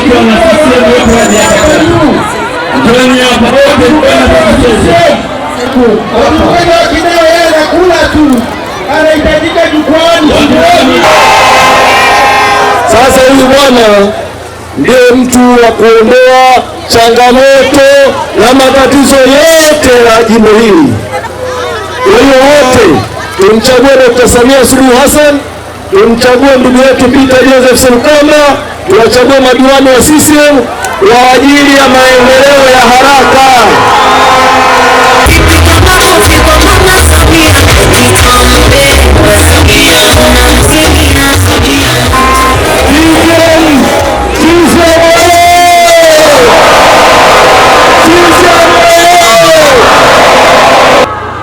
ukiwa na hapa wote anakula tu. Anahitajika jukwani. Sasa huyu bwana ndiye mtu wa kuondoa changamoto na matatizo yote ya jimbo hili. Kwa wote tumchague dokta Samia Suluhu Hassan, tumchague ndugu yetu Peter Joseph Serukamba tunachagua madiwani wa CCM kwa ajili ya maendeleo ya haraka.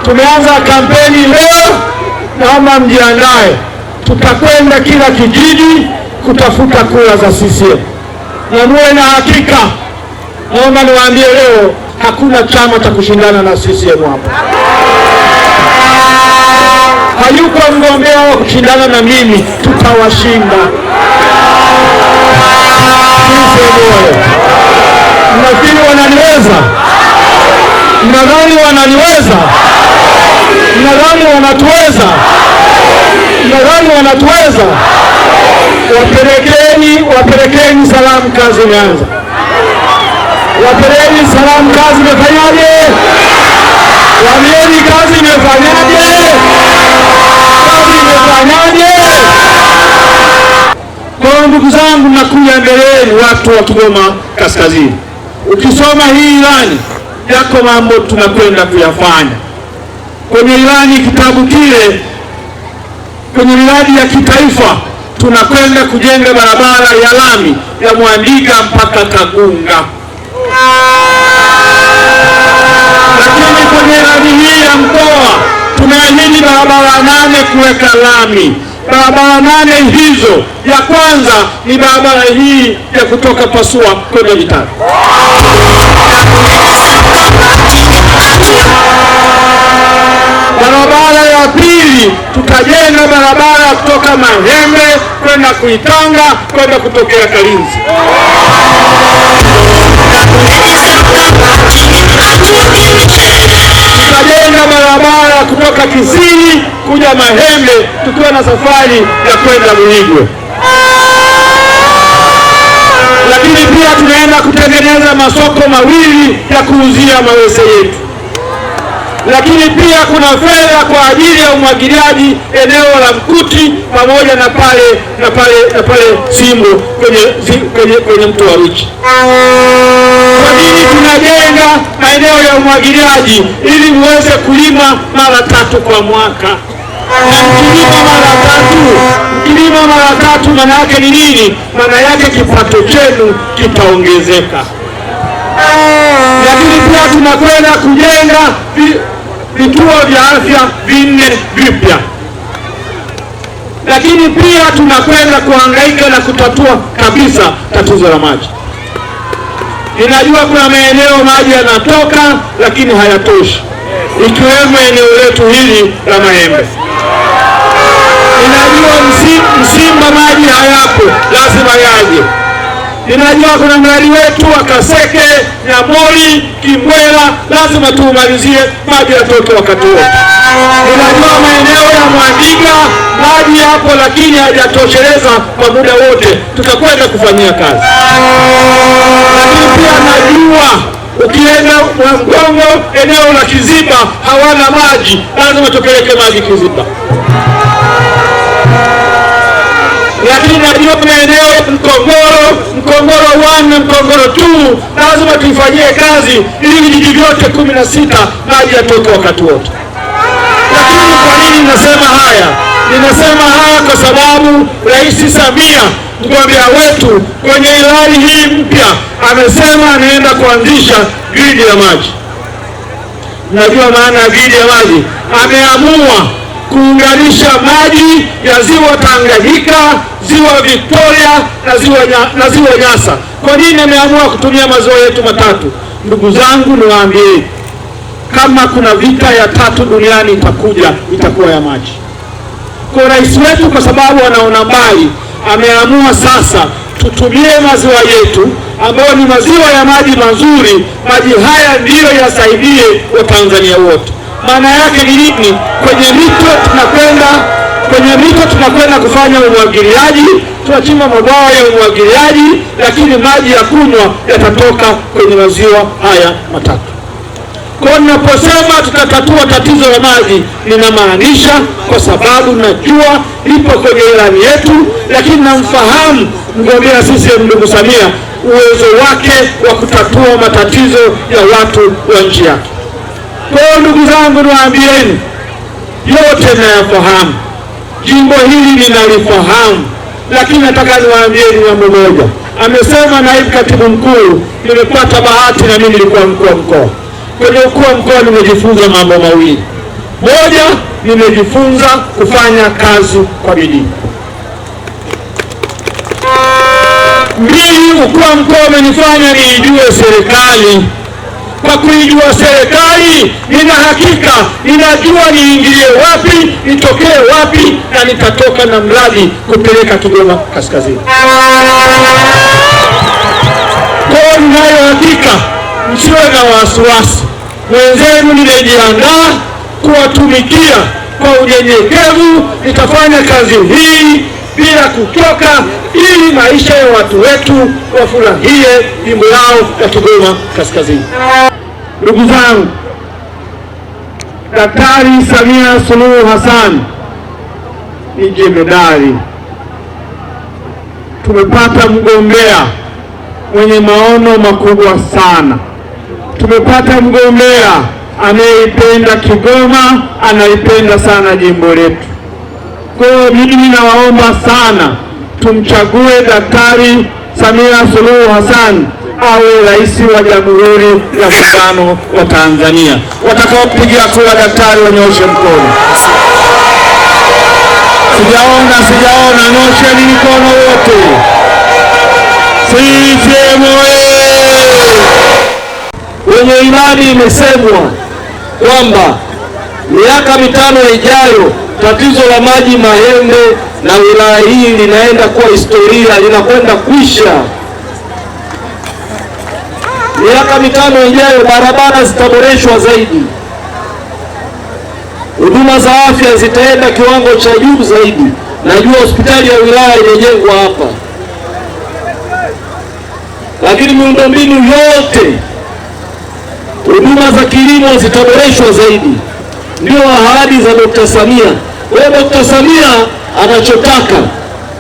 Tumeanza kampeni leo, naomba mjiandae, tutakwenda kila kijiji kutafuta kura za CCM, na muwe na hakika. Naomba niwaambie leo, hakuna chama cha kushindana na CCM hapa. Hayuko mgombea wa kushindana na mimi, tutawashinda. Mnafikiri wananiweza? Mnadhani wananiweza? Mnadhani wanatuweza? Mnadhani wanatuweza? wapelekeni, wapelekeni salamu, kazi imeanza. Wapelekeni salamu, kazi imefanyaje? Wambieni kazi imefanyaje? Kazi imefanyaje? Kwa ndugu zangu, nakuja mbele yenu watu wa Kigoma Kaskazini, ukisoma hii ilani yako mambo tunakwenda kuyafanya kwenye ilani, kitabu kile, kwenye miradi ya kitaifa tunakwenda kujenga barabara ya lami ya Mwandiga mpaka Kagunga. Lakini kwenye radi hii ya mkoa tumeahidi barabara nane kuweka lami. Barabara nane hizo, ya kwanza ni barabara hii ya kutoka Pasua kwenda Vitara. barabara ili tukajenga barabara kutoka Mahembe kwenda Kuitanga kwenda kutokea Kalinzi. Tukajenga barabara kutoka Kisii kuja Mahembe tukiwa na safari ya kwenda Mligwe lakini pia tunaenda kutengeneza masoko mawili ya kuuzia mawese yetu lakini pia kuna fedha kwa ajili ya umwagiliaji eneo la Mkuti pamoja na pale na pale na pale Simbo kwenye kwenye kwenye mto wa Ruchi. Kwa nini tunajenga maeneo ya umwagiliaji? Ili muweze kulima mara tatu kwa mwaka. Mkilima mara tatu, mkilima mara tatu, maana yake ni nini? Maana yake kipato chenu kitaongezeka. Lakini pia tunakwenda kujenga vituo vya afya vinne vipya, lakini pia tunakwenda kuhangaika na kutatua kabisa tatizo la maji. Ninajua kuna maeneo maji yanatoka lakini hayatoshi, ikiwemo eneo letu hili la Mahembe. Ninajua Msimba maji hayapo, lazima yaje Ninajua kuna mradi wetu wa Kaseke, Nyamoli, Kimwela, lazima tuumalizie maji yatoke wakati wote. inajua maeneo ya Mwandiga maji hapo, lakini hajatosheleza kwa muda wote, tutakwenda kufanyia kazi. Lakini pia najua ukienda Mgongo, eneo la Kiziba hawana maji, lazima tupeleke maji Kiziba lakini najua maeneo ya Mkongoro Mkongoro 1 Mkongoro 2 lazima tuifanyie kazi ili vijiji vyote kumi na sita maji yatoke wakati wote. Lakini kwa nini ninasema haya? Ninasema haya kwa sababu Rais Samia mgombea wetu kwenye ilani hii mpya amesema anaenda kuanzisha gridi ya maji. najua maana ya gridi ya maji? Ameamua kuunganisha maji ya ziwa Tanganyika, ziwa Victoria na ziwa, na ziwa Nyasa. Kwa nini nimeamua kutumia maziwa yetu matatu? Ndugu zangu, niwaambie kama kuna vita ya tatu duniani itakuja, itakuwa ya maji. Kwa rais wetu, kwa sababu anaona mbali, ameamua sasa tutumie maziwa yetu ambayo ni maziwa ya maji mazuri. Maji haya ndiyo yasaidie Watanzania wote maana yake ni nini? Kwenye mito tunakwenda kwenye mito tunakwenda kufanya umwagiliaji, tunachimba mabwawa ya umwagiliaji, lakini maji ya kunywa yatatoka kwenye maziwa haya matatu. Kwa ninaposema tutatatua tatizo la maji, ninamaanisha kwa sababu najua lipo kwenye ilani yetu, lakini namfahamu mgombea CCM ndugu Samia uwezo wake wa kutatua matatizo ya watu wa nchi yake. Kwa hiyo ndugu zangu, niwaambieni yote nayafahamu, jimbo hili ninalifahamu, lakini nataka niwaambieni mambo moja. Amesema naibu katibu mkuu, nimepata bahati na mimi nilikuwa mkuu wa mkoa. Kwenye ukuu wa mkoa nimejifunza mambo mawili. Moja, nimejifunza kufanya kazi kwa bidii. Mbili, ukuu wa mkoa umenifanya niijue serikali kwa kuijua serikali, nina hakika ninajua niingilie wapi, nitokee wapi, na nitatoka na mradi kupeleka Kigoma Kaskazini. Kwa ninayo hakika, msiwe na wasiwasi, wenzenu nimejiandaa kuwatumikia kwa unyenyekevu, nitafanya kazi hii bila kuchoka, ili maisha ya watu wetu wafurahie jimbo lao la Kigoma Kaskazini. Ndugu zangu, Daktari Samia Suluhu Hassan ni jemedari. Tumepata mgombea mwenye maono makubwa sana. Tumepata mgombea anayeipenda Kigoma, anaipenda sana jimbo letu. Kwa hiyo mimi ninawaomba sana tumchague Daktari Samia Suluhu Hassan awe rais wa Jamhuri ya Muungano wa Tanzania. Watakaopigia kura daktari wanyoshe mkono. Sijaona, sijaona, nyosheni mikono wote. CCM wenye imani imesemwa kwamba miaka mitano ijayo tatizo la maji Mahembe na wilaya hii linaenda kuwa historia, linakwenda kwisha. Miaka mitano ijayo barabara zitaboreshwa zaidi, huduma za afya zitaenda kiwango cha juu zaidi. Najua hospitali ya wilaya imejengwa hapa, lakini miundombinu yote, huduma za kilimo zitaboreshwa zaidi ndio ahadi za Dr. Samia. Kwa hiyo Dr. Samia anachotaka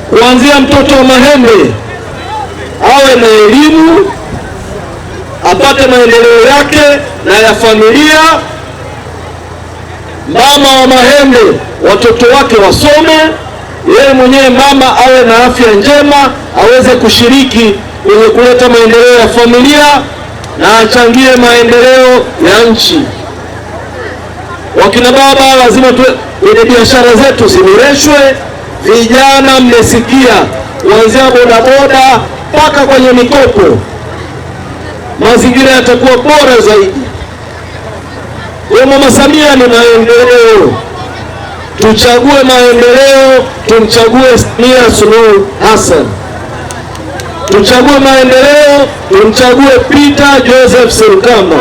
kuanzia mtoto wa Mahembe awe na elimu, apate maendeleo yake na ya familia. Mama wa Mahembe watoto wake wasome, yeye mwenyewe mama awe na afya njema, aweze kushiriki kwenye kuleta maendeleo ya familia na achangie maendeleo ya nchi. Wakina baba lazima tuwe kwenye biashara zetu ziboreshwe. Vijana mmesikia, kuanzia bodaboda mpaka kwenye mikopo, mazingira yatakuwa bora zaidi. Kwa mama Samia ni maendeleo, tuchague maendeleo, tumchague Samia Suluhu Hassan, tuchague maendeleo, tumchague Peter Joseph Serukamba.